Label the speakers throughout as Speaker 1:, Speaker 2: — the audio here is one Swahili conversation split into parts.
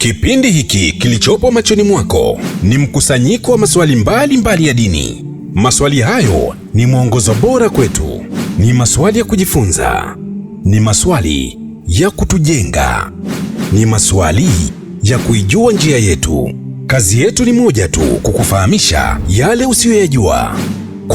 Speaker 1: Kipindi hiki kilichopo machoni mwako ni mkusanyiko wa maswali mbalimbali mbali ya dini. Maswali hayo ni mwongozo bora kwetu, ni maswali ya kujifunza, ni maswali ya kutujenga, ni maswali ya kuijua njia yetu. Kazi yetu ni moja tu, kukufahamisha yale usiyoyajua.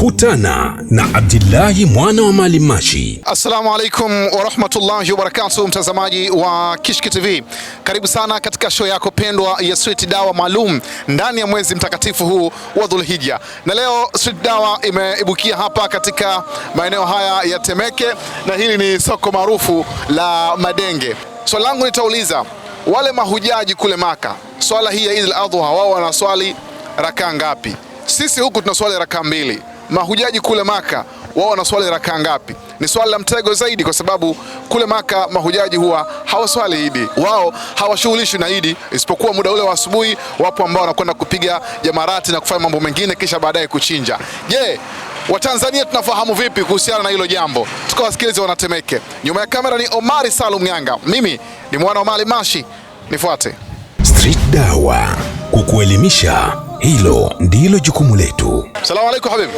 Speaker 1: Kutana na Abdillahi mwana wa Maalim Mashi.
Speaker 2: Assalamu alaikum warahmatullahi wabarakatu, mtazamaji wa Kishki TV, karibu sana katika show yako pendwa ya Street Dawa maalum ndani ya mwezi mtakatifu huu wa dhulhija na leo Street Dawa imeibukia hapa katika maeneo haya ya Temeke, na hili ni soko maarufu la Madenge. Swali langu nitauliza wale mahujaji kule Maka, swala hii ya Eid adhuha wao wanaswali rakaa ngapi? Sisi huku tunaswali rakaa mbili mahujaji kule Maka wao wanaswali rakaa ngapi? Ni swali la mtego zaidi, kwa sababu kule Maka mahujaji huwa hawaswali Idi, wao hawashughulishwi na Idi isipokuwa muda ule wa asubuhi. Wapo ambao wanakwenda kupiga jamarati na kufanya mambo mengine, kisha baadaye kuchinja. Je, Watanzania tunafahamu vipi kuhusiana na hilo jambo? Tukawasikiliza wanatemeke. Nyuma ya kamera ni Omari Salum Nyanga, mimi ni mwana wa Mali Mashi, nifuate
Speaker 1: Street Dawa kukuelimisha. Hilo ndilo jukumu letu.
Speaker 2: Salamu alaykum habibi.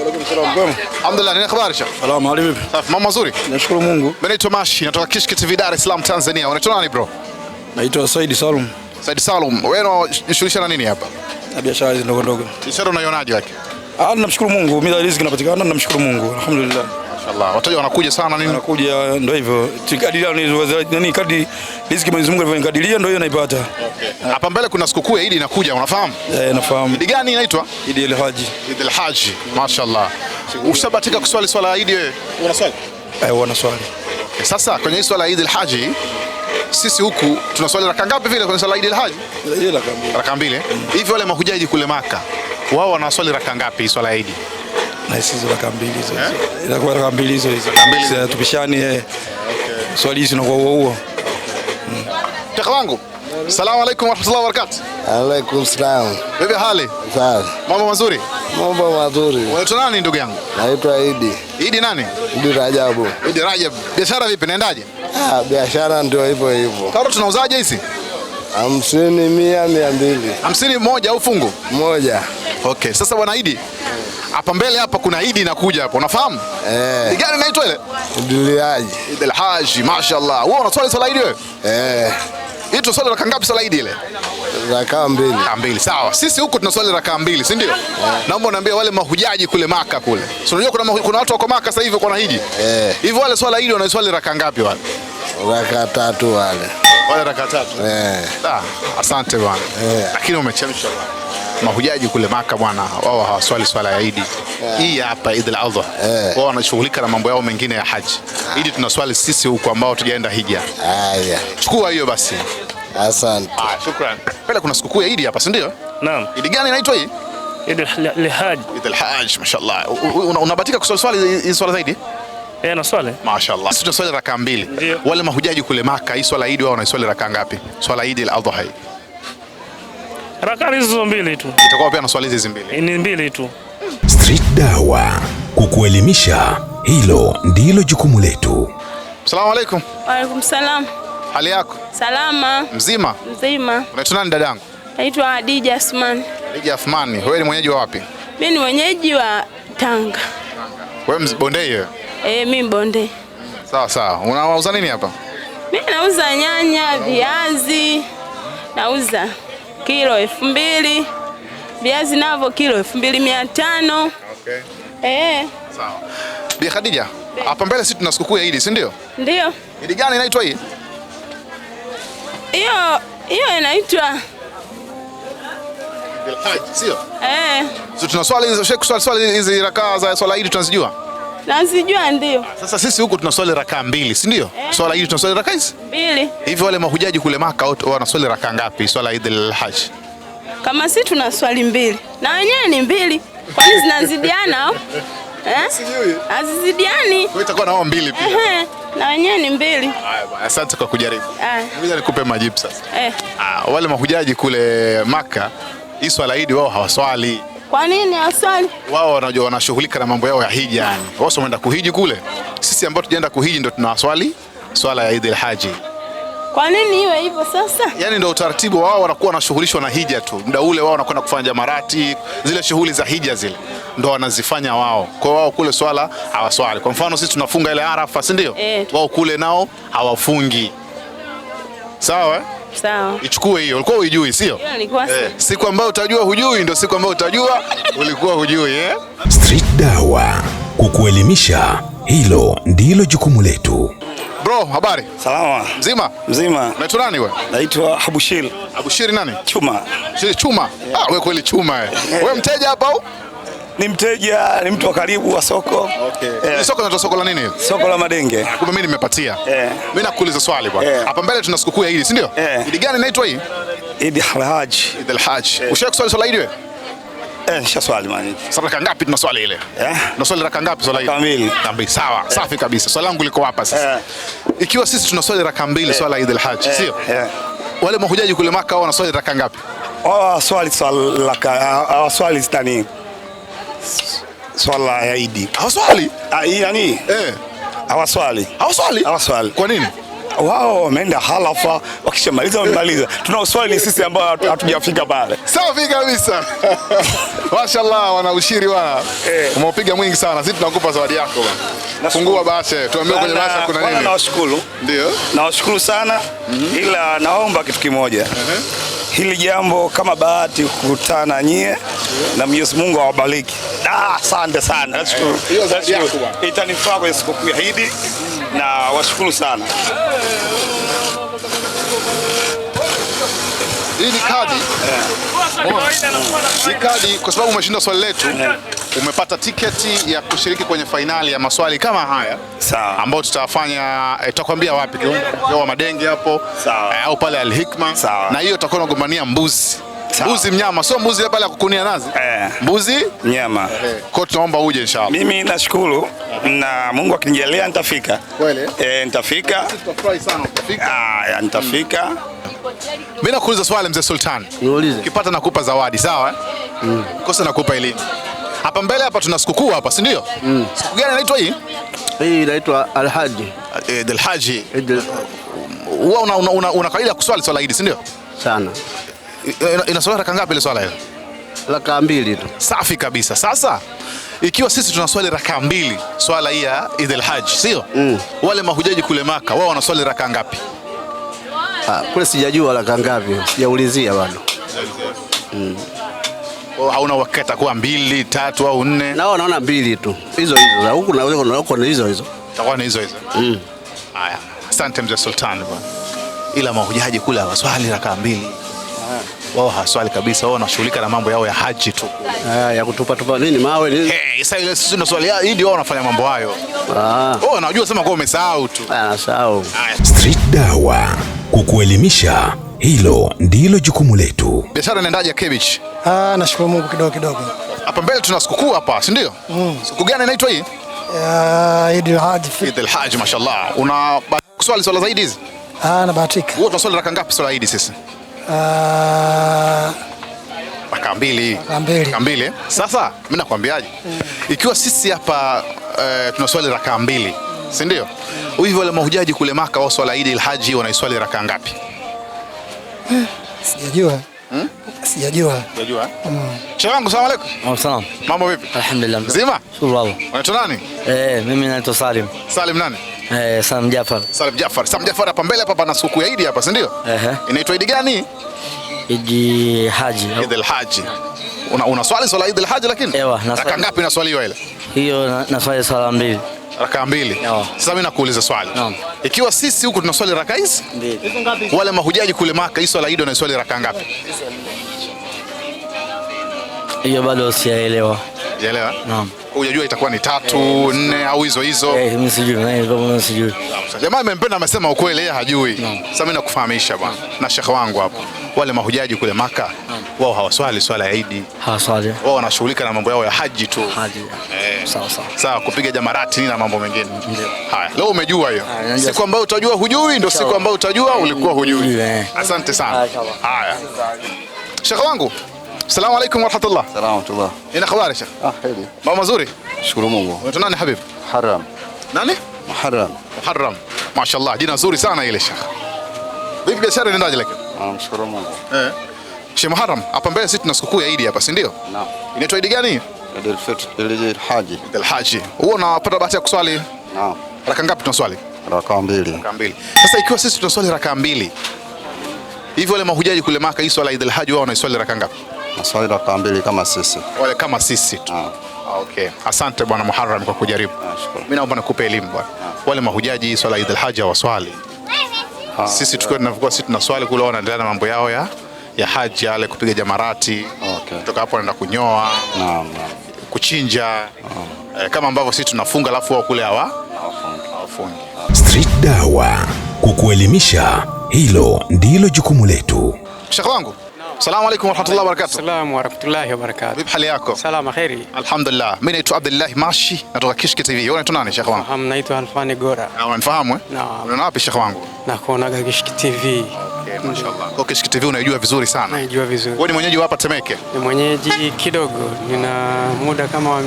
Speaker 2: Alhamdulillah, nini habari shekhi?
Speaker 3: Salamu alaykum habibi.
Speaker 2: Safi, mambo mazuri?
Speaker 3: Nashukuru Mungu. Mimi
Speaker 2: naitwa Mashi, natoka Kishki TV Dar es Salaam Tanzania. Unaitwa nani bro?
Speaker 3: Naitwa Said Salum.
Speaker 2: Said Salum, wewe unajishughulisha na nini hapa?
Speaker 3: Na biashara hizi ndogo ndogo.
Speaker 2: Biashara unaionaje?
Speaker 3: Ah, namshukuru Mungu. Mimi riziki inapatikana, namshukuru Mungu. Alhamdulillah.
Speaker 2: Mashallah. Wataja wanakuja sana nini?
Speaker 3: Wanakuja ndio hivyo. Tikadiria ni nani kadi riziki Mwenyezi Mungu alivyonikadiria ndio hiyo naipata. Okay.
Speaker 2: Hapa mbele kuna sikukuu ya Idi inakuja unafahamu?
Speaker 3: Eh, nafahamu. Idi gani inaitwa? Idi al-Haji.
Speaker 2: Idi al-Haji. Mashallah. Ushabatika kuswali swala ya Idi wewe?
Speaker 3: Unaswali? Eh, wana wanaswali.
Speaker 2: Sasa kwenye swala ya Idi al-Haji sisi huku tunaswali raka ngapi vile kwenye swala ya Idi al-Haji?
Speaker 3: Eh, raka mbili.
Speaker 2: Raka mbili. Hivi wale mahujaji kule Maka wao wanaswali raka ngapi swala ya Idi?
Speaker 3: na sisi raka mbili hizo eh? Inakuwa raka mbili hizo hizo tupishani eh. Okay. Swali hizi zinakuwa huo huo
Speaker 2: mm. wangu, Salamu alaykum wa rahmatullahi wa barakatuh.
Speaker 4: Alaykum salam. Bibi hali? Sawa. Mambo mazuri? Mambo mazuri.
Speaker 2: Unaitwa nani ndugu yangu?
Speaker 4: Naitwa Idi. Idi nani? Idi Rajabu.
Speaker 2: Idi Rajab. Biashara vipi naendaje?
Speaker 4: Ah, biashara ndio hivyo hivyo.
Speaker 2: Karoti tunauzaje hizi?
Speaker 4: Hamsini, mia, mia mbili.
Speaker 2: Hamsini moja au fungu? Moja. Okay. Sasa bwana Idi hapa mbele hapa kuna Idi inakuja hapo, unafahamu eh? Gari inaitwa ile?
Speaker 4: Idul Haji.
Speaker 2: Idul Haji, mashaallah. Wewe una swali swala Idi wewe? Eh. Hii swali raka ngapi swala Idi ile?
Speaker 4: Raka mbili. Raka
Speaker 2: mbili. Sawa. Sisi huko tuna swali raka mbili, si ndio? Yeah. Naomba niambie wale mahujaji kule Maka kule. Si unajua kuna kuna watu wako Maka sasa hivi kwa hiji. Eh. Hivi wale swala Idi wana swali raka ngapi wale?
Speaker 4: Raka tatu wale.
Speaker 2: Wale raka tatu.
Speaker 4: Eh. Ah, asante bwana. Eh.
Speaker 2: Lakini umechemsha bwana mahujaji kule Maka bwana, wao hawaswali swala ya Idi yeah. Hii hapa al Adha yeah. Wao wanashughulika na mambo yao mengine ya haji yeah. Idi tunaswali sisi huko ambao tujaenda hija yeah. Chukua hiyo basi, asante ah, shukran. Pale kuna sikukuu ya Idi hapa, si ndio? Naam. Idi gani inaitwa hii?
Speaker 3: Idi Idi al-Hajj.
Speaker 2: al-Hajj, Mashallah, unabatika kuswali swali swala zaidi eh? na swali mashallah, sisi tunaswali raka mbili. Wale mahujaji kule Maka, hii swala Idi wao wanaswali raka ngapi? Swala Idi al-Adha hii
Speaker 3: Harakati hizo mbili tu.
Speaker 2: Itakuwa pia na swali hizi mbili.
Speaker 3: Ni mbili tu.
Speaker 1: Street Dawa kukuelimisha, hilo ndilo jukumu letu.
Speaker 2: Asalamu alaykum.
Speaker 5: Wa alaykum salam. Hali yako? Salama. Mzima? Mzima.
Speaker 2: Unaitwa nani dadangu?
Speaker 5: Naitwa Hadija Asmani.
Speaker 2: Hadija Asmani, wewe ni mwenyeji wa wapi?
Speaker 5: Mimi ni mwenyeji wa Tanga.
Speaker 2: Wewe mbondei wewe?
Speaker 5: Eh, mimi mbondei.
Speaker 2: Sawa sawa. Unauza nini hapa?
Speaker 5: Mimi nauza nyanya, viazi. Nauza kilo elfu mbili viazi navyo kilo elfu mbili mia tano. Okay. Eh. Sawa.
Speaker 2: Bi Khadija, hapa mbele sisi tuna sikukuu ya Idi, si ndio? Ndio. Idi gani inaitwa hii?
Speaker 5: Hiyo hiyo inaitwa Sio? Eh.
Speaker 2: Sisi tuna swali hizo, swali hizi rakaa za swala Idi tunazijua?
Speaker 5: na sijua ndio.
Speaker 2: Sasa sisi huku tuna swali rakaa mbili, si ndio? Eh, Swala hili tuna swali rakaa hizi? Mbili. Hivi wale mahujaji kule Maka wana swali rakaa ngapi? Swala Eid al-Hajj.
Speaker 5: Kama sisi tuna swali mbili. Na wenyewe ni mbili. Kwani zinazidiana au?
Speaker 2: Eh? Sijui.
Speaker 5: Hazizidiani. Kwa
Speaker 2: hiyo itakuwa na wao mbili pia. Ehe.
Speaker 5: Na wenyewe ni mbili. Haya,
Speaker 2: asante kwa kujaribu. Ah. Ngoja nikupe majibu sasa. Eh. Ah, wale mahujaji kule Maka hii swala Eid wao hawaswali.
Speaker 5: Kwa nini aswali?
Speaker 2: Wao wanajua wanashughulika na mambo yao ya hija yani. Wao sio waenda kuhiji kule. Sisi ambao tujaenda kuhiji ndo tunawaswali swala ya Idil Haji.
Speaker 5: Kwa nini iwe hivyo sasa?
Speaker 2: Yaani ndio utaratibu wao, wanakuwa wanashughulishwa na hija tu. Muda ule wao wanakwenda kufanya jamarati, zile shughuli za hija zile ndo wanazifanya wao. Kwa wao kule swala hawaswali. Kwa mfano sisi tunafunga ile Arafa, si ndio? E. Wao kule nao hawafungi. Sawa? Eh? Sawa. Ichukue hiyo. Ulikuwa hujui, sio? Eh, siku ambayo utajua hujui ndio siku ambayo utajua ulikuwa hujui eh?
Speaker 1: Street Dawa kukuelimisha, hilo ndilo jukumu letu.
Speaker 2: Bro, habari? Salama. Mzima? Mzima. Unaitwa nani wewe?
Speaker 6: Naitwa Abushiri. Abushiri nani? Chuma.
Speaker 2: Chuma. Yeah. Ah, wewe kweli chuma eh. Wewe eh. mteja hapa au?
Speaker 6: ni mteja, ni mtu wa karibu wa soko. Okay.
Speaker 2: Eh. soko na soko la nini?
Speaker 6: Soko la Madenge.
Speaker 2: Kumbe mimi nimepatia. Eh. Mimi nakuuliza swali bwana. Eh. Hapa mbele tuna sikukuu ya Idi, si ndio? Eh. Idi gani inaitwa hii?
Speaker 6: Idi al-Hajj.
Speaker 2: Idi al-Hajj. Eh. Ushawahi kuswali swala Idi wewe?
Speaker 6: Eh, nisha swali mani.
Speaker 2: Sasa raka ngapi tuna swali ile? Eh. Na swali raka ngapi swala ile? Kamili. Kamili. Sawa, eh. Safi kabisa. Swali langu liko hapa sasa. Eh. Ikiwa sisi tuna swali raka mbili eh. swala Idi al-Hajj, eh. sio? Eh. Wale mahujaji kule Maka wana swali raka ngapi?
Speaker 6: Oh, swali swali raka, ah, ah, swali stani swala ya Idi hawaswali ah, yani, eh, hawaswali hawaswali hawaswali. Kwa nini? Wao wameenda halafa, wakishamaliza wamemaliza. tuna Tunaoswali sisi ambao hatujafika pale.
Speaker 2: Safi kabisa. Mashallah, wana ushiri wana eh. Umeupiga mwingi sana, sisi tunakupa zawadi yako bwana. Fungua bahasha, tuambie kwenye bahasha kuna nini. Nawashukuru, ndio
Speaker 6: nawashukuru sana mm -hmm. Ila naomba kitu kimoja uh -huh hili jambo kama bahati kukutana nyie na Mwenyezi Mungu awabariki. Ah, asante sana. Nashukuru. Eh, Itanifaa kwenye sikukuu ya Idi na washukuru sana.
Speaker 2: Hii ni kadi hii kadi, kwa sababu umeshinda swali letu, umepata tiketi ya kushiriki kwenye fainali ya maswali kama haya ambayo tutafanya. Eh, tutakwambia wapi, wa Madenge hapo eh, au pale Al-Hikma, na hiyo tutakuwa tunagombania mbuzi mbuzi mnyama, sio mbuzi pale ya kukunia nazi eh, mbuzi
Speaker 6: mnyama eh.
Speaker 2: Kwa tunaomba uje inshallah.
Speaker 6: Mimi nashukuru na Mungu akinijalia nitafika kweli eh, nitafika. Tutafurahi sana Ah, nitafika.
Speaker 2: Mimi nakuuliza swali mzee Sultan. Niulize. Ukipata nakupa zawadi, sawa? Eh? Mm. Kosa nakupa elimu. Hapa mbele hapa tuna sikukuu hapa, si ndio? Mm. Siku gani inaitwa hii?
Speaker 6: Hii inaitwa Al-Haji.
Speaker 2: Eh, Eid al-Haji. Wewe una una, una, una kaida kuswali swala hili, si ndio? Sana. Inaswali raka ngapi ile swala hiyo?
Speaker 6: Raka mbili tu.
Speaker 2: Safi kabisa. Sasa ikiwa sisi tunaswali raka mbili swala hii ya Eid al-Haji, sio? Mm. Wale mahujaji kule Maka wao wanaswali raka ngapi?
Speaker 6: kule sijajua laka ngapi, sijaulizia bado.
Speaker 2: Mm. Oh, hauna uhakika itakuwa mbili tatu au nne?
Speaker 6: Nao naona mbili tu hizo hizo za huku na huko na huko, ni hizo hizo, itakuwa ni hizo hizo. Mm.
Speaker 2: Haya, asante mzee Sultan bwana, ila mahujaji kule hawaswali rakaa mbili ah. wao hawaswali kabisa, wao wanashughulika na mambo yao ya haji tu
Speaker 6: ah, ya kutupa tupa nini mawe nini.
Speaker 2: Hey, sasa ile sisi tunaswali hadi wao wanafanya mambo hayo. Ah, oh, najua sema kwa umesahau tu.
Speaker 6: Ah, nasahau.
Speaker 1: Street Daawah kukuelimisha. Hilo ndilo jukumu letu.
Speaker 2: Biashara inaendaje Kebich?
Speaker 7: Ah, nashukuru Mungu kidogo kidogo.
Speaker 2: Hapa mbele tuna sikukuu hapa, si ndio? Mm. Sikukuu gani inaitwa hii?
Speaker 7: Ya ah, Eid al-Hajj.
Speaker 2: Eid al-Hajj, mashallah. Una swali swala zaidi hizi?
Speaker 7: Ah, na nabahatika.
Speaker 2: Wewe swali raka ngapi swala Eid sisi?
Speaker 7: Ah,
Speaker 2: raka mbili. Raka mbili. Sasa mimi nakwambiaje? Mm. Ikiwa sisi hapa uh, eh, swali raka mbili si ndio? Hivyo wale mahujaji kule Maka wao swala Eid al-Haji wanaiswali raka ngapi?
Speaker 7: Sijajua. Hmm? Sijajua.
Speaker 2: Sijajua. Mm. Sheikh wangu, salamu alaykum. Wa salam. Mambo vipi? Alhamdulillah. Mzima? Shukran. Unaitwa nani?
Speaker 8: Eh, mimi naitwa Salim. Salim nani? Eh, Salim Jafar.
Speaker 2: Salim Jafar. Salim Jafar hapa mbele hapa pana siku ya Eid hapa, si ndio? Eh. Inaitwa Eid gani?
Speaker 8: Eid al-Hajj.
Speaker 2: Eid al hajj Una, una swali swala Eid al hajj lakini? Ewa, na swali. Raka ngapi na inaswaliwa ile?
Speaker 8: Hiyo na swali swala mbili.
Speaker 2: Raka mbili. No. Sasa mimi nakuuliza swali. No. Ikiwa sisi huku tunaswali raka hizi? Wale mahujaji kule Maka hii swala hiyo na swali raka ngapi?
Speaker 8: Hiyo bado sijaelewa sijaelewa. Naam.
Speaker 2: Hujajua itakuwa ni tatu eh, nne au hizo hizo?
Speaker 8: Eh, mimi sijui, sijui.
Speaker 2: Jamaa amempenda amesema ukweli, yeye hajui. Sasa mimi nakufahamisha bwana na shekhe wangu hapo, wale mahujaji kule Maka wao hawaswali swala ya Idi, hawaswali wao, wanashughulika na mambo yao ya haji tu, haji. Eh, sawa sawa sawa, kupiga jamarati na mambo mengine. Ndio haya, leo umejua hiyo. Siku ambayo utajua hujui, ndio siku ambayo utajua ulikuwa hujui. Eh. Asante sana. Haya, shekhe wangu Salamu alaykum wa rahmatullah. Salamu alaykum. Ina habari Sheikh? Ah, heri. Mambo mazuri? Shukuru Mungu. Unaitwa nani habibi? Haram. Nani? Muharram. Muharram. Mashaallah, jina zuri sana ile Sheikh. Vipi biashara inaendaje lakini?
Speaker 9: Ah, mshukuru Mungu.
Speaker 2: Eh. Sheikh Muharram, hapa mbele sisi tuna sikukuu ya Idi hapa, si ndio? Naam. Inaitwa Idi gani?
Speaker 9: Idul Fitr, Idul Haji.
Speaker 2: Idul Haji. Wewe unapata bahati ya kuswali? Naam. Raka ngapi tunaswali?
Speaker 9: Raka mbili. Raka
Speaker 2: mbili. Sasa ikiwa sisi tunaswali raka mbili, hivi wale mahujaji kule Maka hii swala Idul wao wanaiswali raka ngapi?
Speaker 9: maswali wa kawa mbili kama sisi,
Speaker 2: wale kama sisi tu. Ah. Ah, okay. Asante Bwana Muharram kwa kujaribu. Ah, Mimi naomba nikupe elimu bwana. Wale mahujaji swala Eid al-Hajj waswali. Sisi tukiwa tunavukua sisi tuna swali kule, wanaendelea na mambo yao ya ya haji yale kupiga jamarati. Okay. Kutoka hapo wanaenda kunyoa. Naam. Kuchinja. Naam. Eh, kama ambavyo sisi tunafunga alafu wao kule hawa hawafungi.
Speaker 1: Street Dawa kukuelimisha, hilo ndilo jukumu letu.
Speaker 2: Shaka wangu Salamu alaykum warahmatullahi wabarakatuh.
Speaker 10: Salamu warahmatullahi wabarakatuh.
Speaker 2: Vipi hali yako?
Speaker 10: Salama kheri.
Speaker 2: Alhamdulillah. Mimi naitwa Abdullah Mashi natoka Kishki TV. Wewe unaitwa nani Sheikh wangu? Ah,
Speaker 10: naitwa Alfani Gora. Na ah, unanifahamu eh? Naam. Unaona
Speaker 2: wapi Sheikh wangu?
Speaker 10: Nakuonaga Kishki TV.
Speaker 2: Okay, mashallah. Kwa Kishki TV unaijua vizuri sana.
Speaker 10: Naijua vizuri. Wewe
Speaker 2: ni mwenyeji hapa Temeke?
Speaker 10: Ni mwenyeji kidogo. Nina muda kama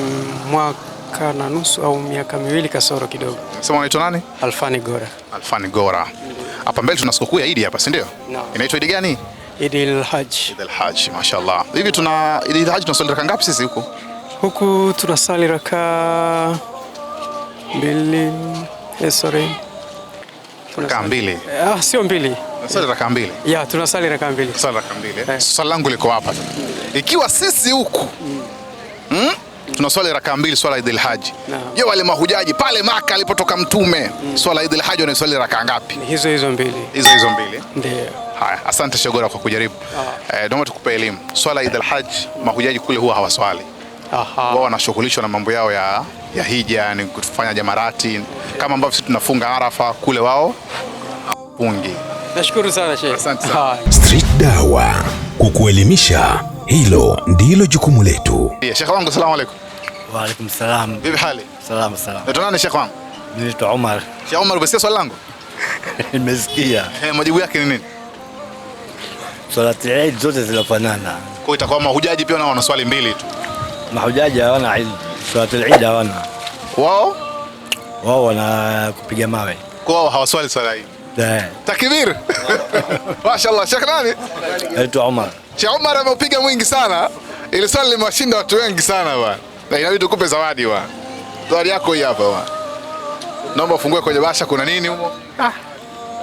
Speaker 10: mwaka na nusu au miaka miwili kasoro kidogo.
Speaker 2: Sema unaitwa nani?
Speaker 10: Alfani Gora.
Speaker 2: Alfani Gora. Hapa mbele tuna sikukuu ya Idi hapa, si ndio? Inaitwa Idi gani?
Speaker 10: Idil Hajj.
Speaker 2: Idil Hajj, mashallah. Hivi tuna Idil Hajj tunasali raka ngapi sisi huku?
Speaker 10: Huku tunasali raka mbili. Eh, sorry.
Speaker 2: Raka mbili.
Speaker 10: Ah, sio mbili.
Speaker 2: Tunasali raka mbili.
Speaker 10: Ya, tunasali raka mbili.
Speaker 2: Tunasali raka mbili. Eh. Swali langu liko hapa. Ikiwa sisi huku mm, tunaswali raka mbili swala Idil Hajj. Je, wale mahujaji pale Maka alipotoka Mtume, mm, swala Idil Hajj wanaswali raka ngapi?
Speaker 10: Hizo hizo mbili.
Speaker 2: Hizo hizo mbili. Ndio. Haya, asante Shogora kwa kujaribu. Ah. Eh, Naomba tukupe elimu swala Idul hajj mahujaji kule huwa hawaswali wao wanashughulishwa na mambo yao ya, ya hija yani kufanya jamarati kama ambavyo sisi tunafunga Arafa kule wao hawafungi.
Speaker 10: Nashukuru sana Sheikh.
Speaker 2: Asante sana.
Speaker 1: Street Dawa kukuelimisha, hilo ndilo jukumu letu.
Speaker 2: Yeah, Sheikh wangu, asalamu alaykum.
Speaker 11: Wa alaykum salam. Bibi hali? Salama salam.
Speaker 2: Ndio nani Sheikh wangu?
Speaker 11: Ni Omar.
Speaker 2: Sheikh Omar, umesikia swali langu?
Speaker 11: Nimesikia.
Speaker 2: Eh, majibu yake ni nini?
Speaker 11: swala Eid zote zinafanana.
Speaker 2: Kwa hiyo itakuwa mahujaji pia nao wana swali mbili tu.
Speaker 11: Mahujaji hawana Eid, swala Eid hawana. Wao wao wana kupiga mawe.
Speaker 2: Kwa wao hawaswali swala hii. Eh. Takbir. Mashaallah, Sheikh nani? Aitu Omar. Sheikh Omar amepiga mwingi sana. Ile swali limewashinda watu wengi sana bwana. Na inabidi tukupe zawadi bwana. Zawadi yako hii hapa bwana. Naomba ufungue kwenye basha kuna nini humo? Ah.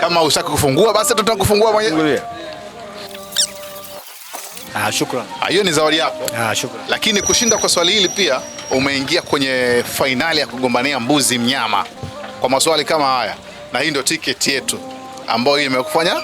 Speaker 2: Kama usaki kufungua basi tutakufungua mwenyewe. Ah, shukrani. Ah, hiyo ni zawadi yako. Ah, shukrani. Lakini kushinda kwa swali hili pia umeingia kwenye fainali ya kugombania mbuzi mnyama kwa maswali kama haya, na hii ndio tiketi yetu ambayo imekufanya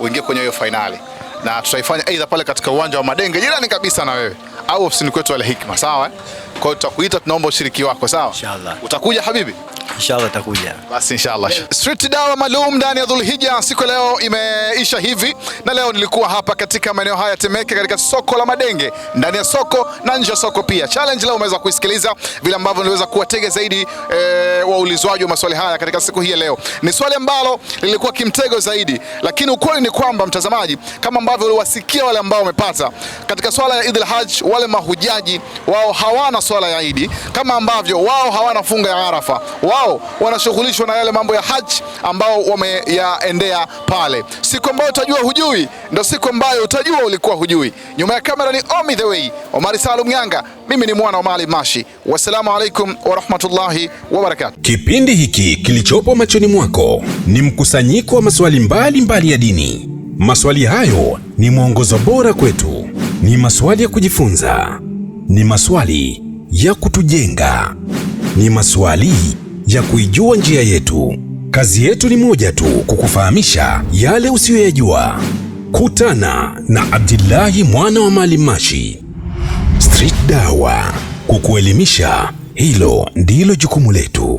Speaker 2: uingie kwenye hiyo fainali, na tutaifanya aidha pale katika uwanja wa Madenge jirani kabisa na wewe au ofisini kwetu wale Hikma, sawa? Eh? Kwa hiyo tutakuita, tunaomba ushiriki wako, sawa? Inshallah. Utakuja habibi?
Speaker 11: Inshallah itakuja.
Speaker 2: Basi inshallah. Street dawa maalum ndani ya Dhulhijja siku leo imeisha hivi, na leo nilikuwa hapa katika maeneo haya Temeke, katika soko la Madenge, ndani ya soko na nje ya soko pia. Challenge leo umeweza kuisikiliza vile ambavyo niliweza kuwatega zaidi e, waulizwaji wa maswali haya katika siku hii leo. Ni swali ambalo lilikuwa kimtego zaidi, lakini ukweli ni kwamba mtazamaji, kama ambavyo uliwasikia wale ambao wamepata katika swala ya Idil Hajj, wale mahujaji wao hawana swala ya Idi, kama ambavyo wao hawana funga ya Arafa wao ambao wanashughulishwa na yale mambo ya haj ambao wameyaendea pale. Siku ambayo utajua hujui ndio siku ambayo utajua ulikuwa hujui. Nyuma ya kamera ni Omi the way, Omari Salum Nyanga, mimi ni mwana wa Maalim Mashi. Wassalamu alaikum warahmatullahi wabarakatuh.
Speaker 1: Kipindi hiki kilichopo machoni mwako ni mkusanyiko wa maswali mbalimbali mbali ya dini. Maswali hayo ni mwongozo bora kwetu, ni maswali ya kujifunza, ni maswali ya kutujenga, ni maswali ya kuijua njia yetu. Kazi yetu ni moja tu, kukufahamisha yale usiyoyajua. Kutana na Abdillahi mwana wa Maalim Mashi. Street Dawa, kukuelimisha, hilo ndilo jukumu letu.